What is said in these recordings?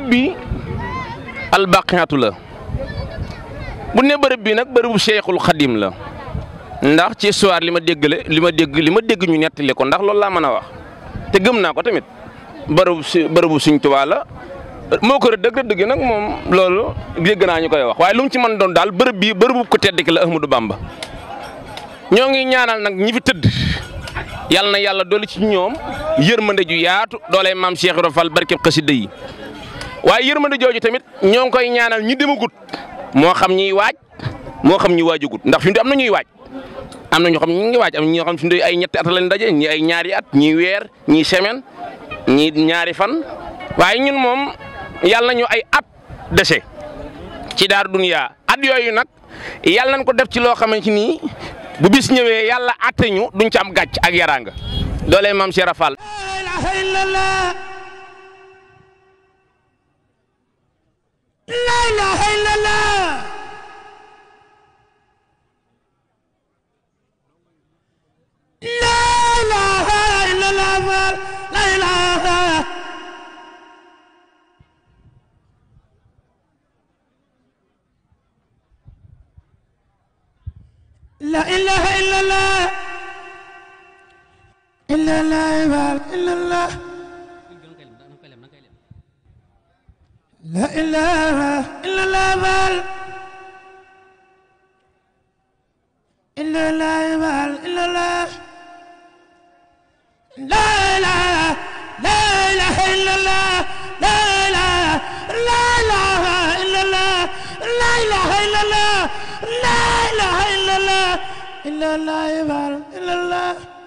bërëb bi albaqiyatu la bu ne bërëb bi nag bërëbu Cheikhul Xadim la ndax ci histoire li ma déggale li ma dégg li ma dégg ñu nettali ko ndax loolu laa mën a wax te ko tamit bërëbu bërëbu Sëñ Tuubaa moo ko dëgg dëgg nag moom loolu dégg naa ñu koy wax waaye lu ci man doon daal bërëb bi bërëbu ko tedd ki la Ahmadou Bamba ñoo ngi ñaanal nag ñi fi tëdd yàlla na yàlla dolli ci ñoom yërmande ju yaatu doole maam Cheikh Ibra Fall barkeb yi waaye yërmande jooju tamit ñoo ngi koy ñaanal ñi demagut moo xam ñiy waaj moo xam ñi waajagut ndax fi mu am na ñuy waaj am na ñoo xam ñu ngi waaj am ñoo xam fi mu ay ñetti at lañ daje ñi ay ñaari at ñi weer ñi semaine ñi ñaari fan waaye ñun moom yàlla nañu ay at dese ci daar duniyaa at yooyu nag yàlla nañ ko def ci loo xamante ni bu bis ñëwee yàlla atte ñu duñ ci am gàcc ak yaraanga doole maam Cheikh Fall la ilaha illallah la ilaha illallah la ilaha la ilaha illallah illallah illallah la ilaha illa la bal illa la bal illa la la ilaha la ilaha illa la la ilaha la ilaha illa la la ilaha illa la la ilaha illa la illa la bal illa la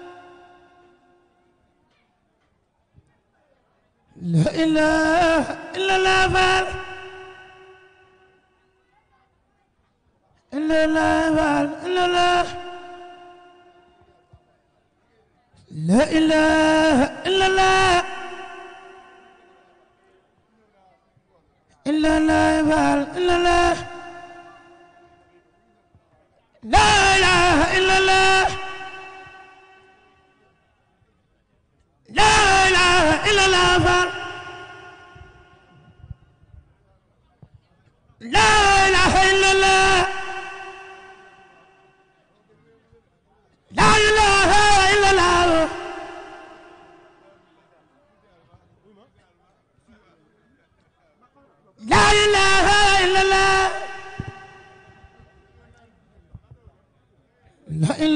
la ilaha illallah faal illallah faal illallah la ilaha illallah illallah faal illallah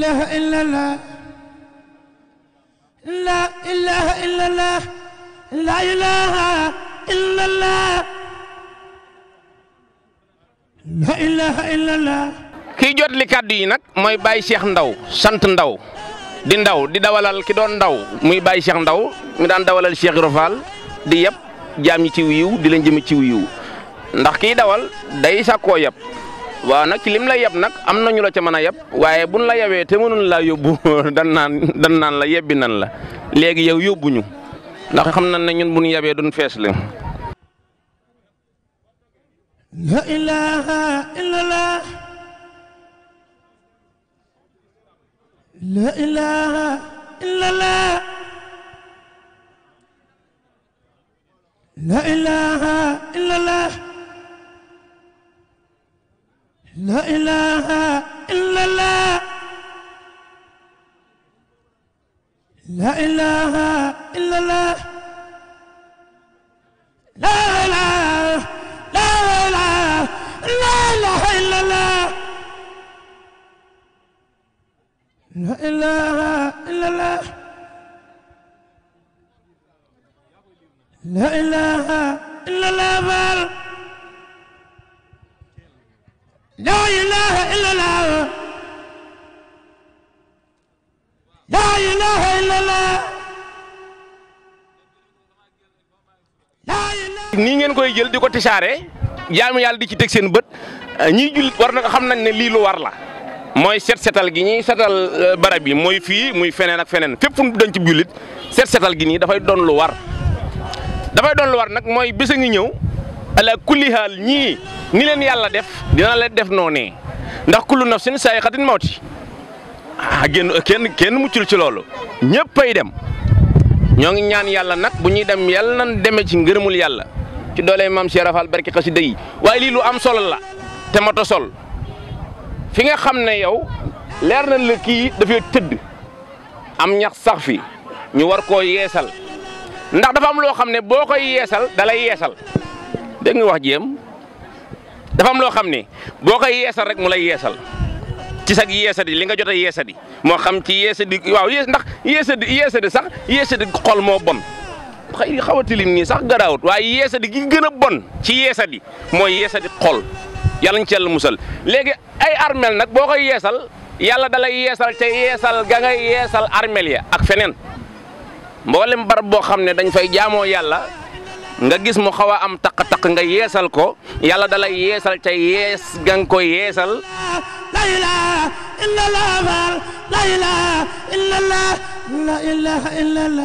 la kii jot li kàddu yi nag mooy Baye Cheikh Ndaw sant Ndaw di Ndaw di dawalal ki doon Ndaw muy Baye Cheikh Ndaw mi daan dawalal Cheikh di yëpp jaam ñi ci wiiw di leen jëme ci wiiw ndax kii dawal day sàkkoo yëpp waaw nag ci lim la yeb nag am nañu la ca mën a yeb waaye buñ la yewee te mënuñ laa yóbbu da naan dan naan la yebbi nan la léegi yow yóbbuñu ndax xam nañ ne ñun buñ yebee duñ fees la la ilaha illallah la ilaha illallah la ilaha la ilaha la ilaha illallah la ilaha illallah la ilaha illallah koy jël di ko tisaare jaamu yàlla di ci teg seen bët ñiy jullit war na xam nañ ne lii lu war la mooy set setal gi ñuy setal euh, barab yi mooy fii muy feneen ak feneen fépp fu mu ci jullit set setal gi nii dafay doon lu war. dafay doon lu war nag mooy bés a ngi ñëw ala kulli haal ñii ni leen yàlla def dina leen def noone ndax kullu nafsin saa'iqatul mawti ah génn kenn kenn muccul ci loolu ñëpp ay dem ñoo ngi ñaan yàlla nag bu ñuy dem yàlla nan demee ci ngërëmul yàlla. ci doole maam Cheikh Rafal barki xasida yi waaye lii lu am solo la te mata sol fi nga xam ne yow leer nañ la kii dafay tëdd am ñax sax fi ñu war koo yeesal ndax dafa am loo xam ne boo koy yeesal da lay yeesal dégg nga wax jéem dafa am loo xam ne boo koy yeesal rek mu lay yeesal ci sag yeesadi li nga jot a yeesadi moo xam ci yeesadi waaw yees ndax yeesadi yeesadi sax yeesadi xol moo bon. xëy xaw a tilim nii sax garaawut waaye yeesadi gi gën a bon ci yeesadi mooy yeesadi xol yàlla ñu ci yàlla musal léegi ay armel nag boo koy yeesal yàlla dalay lay yeesal ca yeesal ga yeesal armel ya ak feneen mboolem barab boo xam ne dañ fay jaamoo yàlla nga gis mu xaw a am taq-taq nga yeesal ko yàlla dalay lay yeesal ca yees ga ko yeesal la ilaha illallah la ilaha illallah la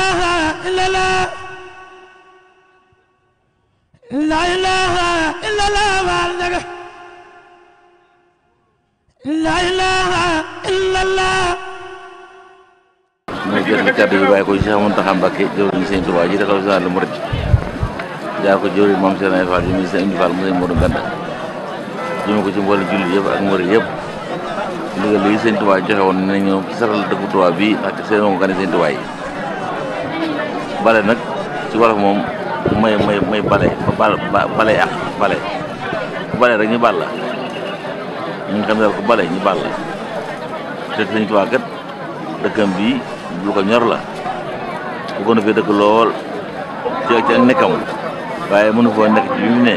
kàddu bi bàyyi ko ci Cheikh Mountakha Mbacké jëwriñ Sëñ Touba ji dafa saal mu rëcc jaar ko jëwriñ moom seen ay Fall yi muy seen indi Fall mu seen Modou Mbenda jëme ko ci mboole jullit yëpp ak murid yëpp ndigal lii Sëñ Touba joxe woon ne ñoom ci saral dëkku Touba bii ak seen moom gane bale nag ci wolof moom may may may bale ba bale ak bale bale rek ñu bal la ñu xam daal ku bale ñu bal la te Sëñ Touba kat dëkkam bii lu ko ñor la bëggoon na fi dëkk lool ci ak nekkam waaye mënu foo nekk ci bi mu ne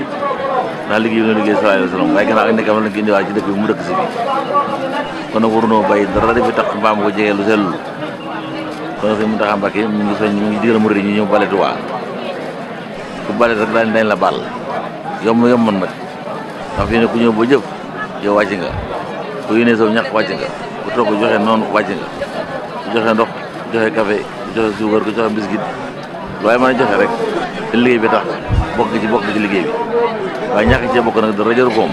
ndax liggéey bi nga liggéey sallallahu alayhi wa sallam waaye gannaaw ak nekkam lañ ko indiwaat ci dëkk bi mu dëkk si bi kon nag waruñoo bay dara dafi tax mbaam ko jegee lu sellul kon nag sëñ Mountakha Mbacké mu ngi soñ mu ngi digal murid ñu ñëw bale Tuubaa ku bale rek daañ dañ la baal yomb yomb nag ndax fii ne ku ñëw ba jëf yow wàcc nga ku yéene saw ñàkk wàcc nga ku toog joxe noonu wàcc nga ku joxe ndox joxe café joxe suukar ku joxe biscuit waaye mën a joxe rek te liggéey bi tax bokk ci bokk ci liggéey bi waaye ñàkk cee bokk nag dara jëru koom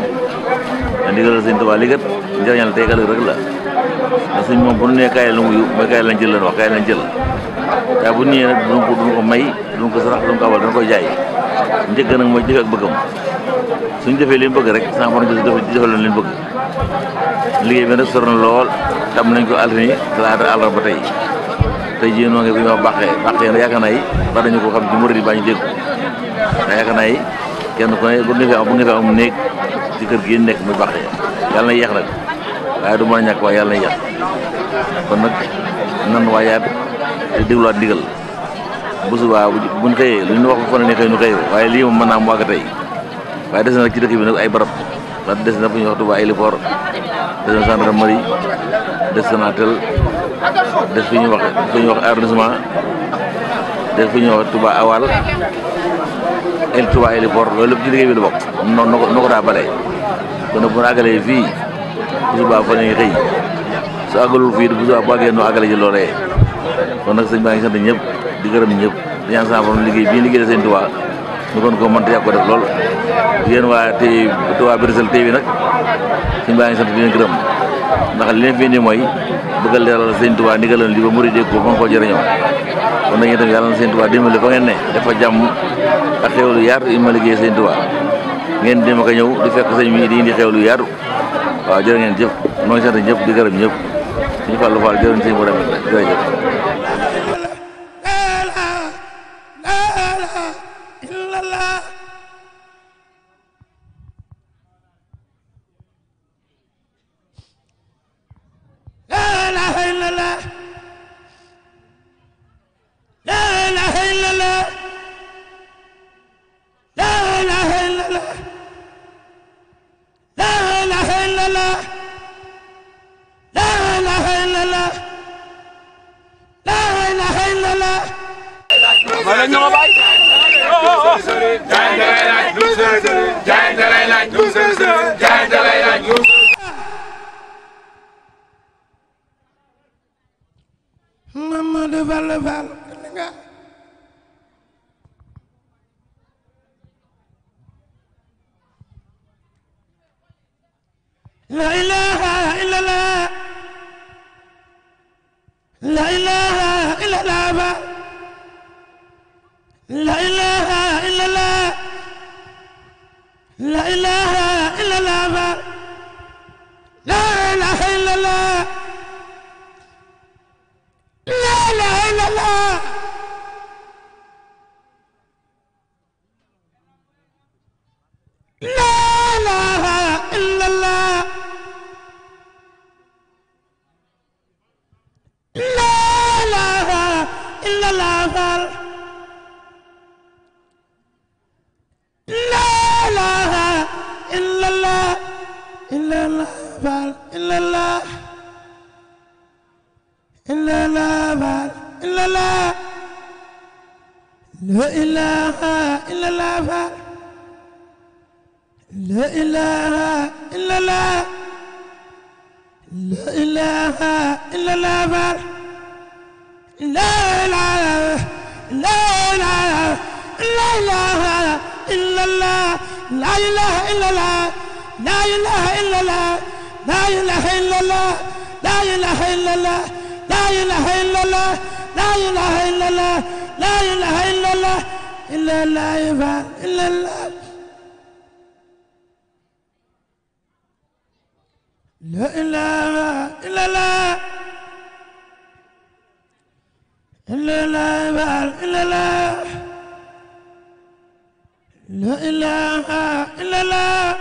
a ndigal sëñ Tuubaa li kat njëriñal tey ëllëg rek la ndax sëñ moom bu nu nee lu la wuyu mooy kaay lañ jël leen wax kaay lañ jël waaye bu nee nag duñ ko may duñ ko sarax duñ ko abal duñ ko jaay njëkk nag mooy jëfe ak bëggam suñ defee li mu bëgg rek sans borom jëf defal leen li mu bëgg liggéey bi na lool tam nañ ko altine talaata àllarba tey jii noo ngi bu ñuy wax bàqee bàqee yaakaar naa ko xam ci murid yi baa ñu dégg ndax yaakaar naa yi kenn ku ne bu nga fi am néeg ci kër gi nekk muy bàqee yàlla na yéex nag waaye du mën a ñàkk waaye yàlla na yéex kon nag nan waayaat te dégluwaat ndigal bu subaa buñ xëyee lu ñu wax fa ne xëy ñu xëy waaye lii moom mën naa mu wàgg tey waaye des na nag ci dëkk bi nag ay barab ndax des na fu ñu wax Tuubaa ay des na gendarmerie des na tel def fi ñuy wax fu ñuy wax arrondissement def fi ñuy wax Touba Awal el Touba héliport loolu lépp ci liggéey bi la bokk noonu na daa balee kon bu ñu àggalee fii bu subaa fa ñuy xëy su àggalul fii bu subaa bu àggee noo àggale ji loolee kon nag sëñ baa ngi sant ñëpp di gërëm ñëpp di ñaan sama liggéey bii liggéey sëñ Touba ñu kon ko mën te yàgg ko def lool yéen waa tey Touba Brésil tey bi nag sëñ baa ngi sant di leen gërëm ndax li leen fi indi bëgg a leeral sëñ Tuubaa ndigalam li ba murid dégg ko ba nga koo jëriñoo kon nag itam yàlla na sëñ Tuubaa dimbali fa ngeen ne dafa jàmm ak xewlu yaatu yi ma liggéey sëñ Tuubaa ngeen dima ka ñëw di fekk sëñ mi di indi xewlu yaatu waaw jërë ngeen jëf noo ngi sant ñëpp di gërëm ñëpp suñu fàllu faal jërë ngeen sëñ bu demee jërëjëf la la wala ñoo bay Mamadou Balla Fall la ilaha illallah baal illallah illallah baal illallah la ilaha illallah baal la ilaha illallah la ilaha illallah baal la ilaha la ilaha la ilaha illallah la ilaha illallah la ilaha illallah la ilaha illallah la ilaha illallah la ilaha illallah la ilaha illallah la ilaha illallah illallah illallah la ilaha illallah illallah illallah la ilaha illallah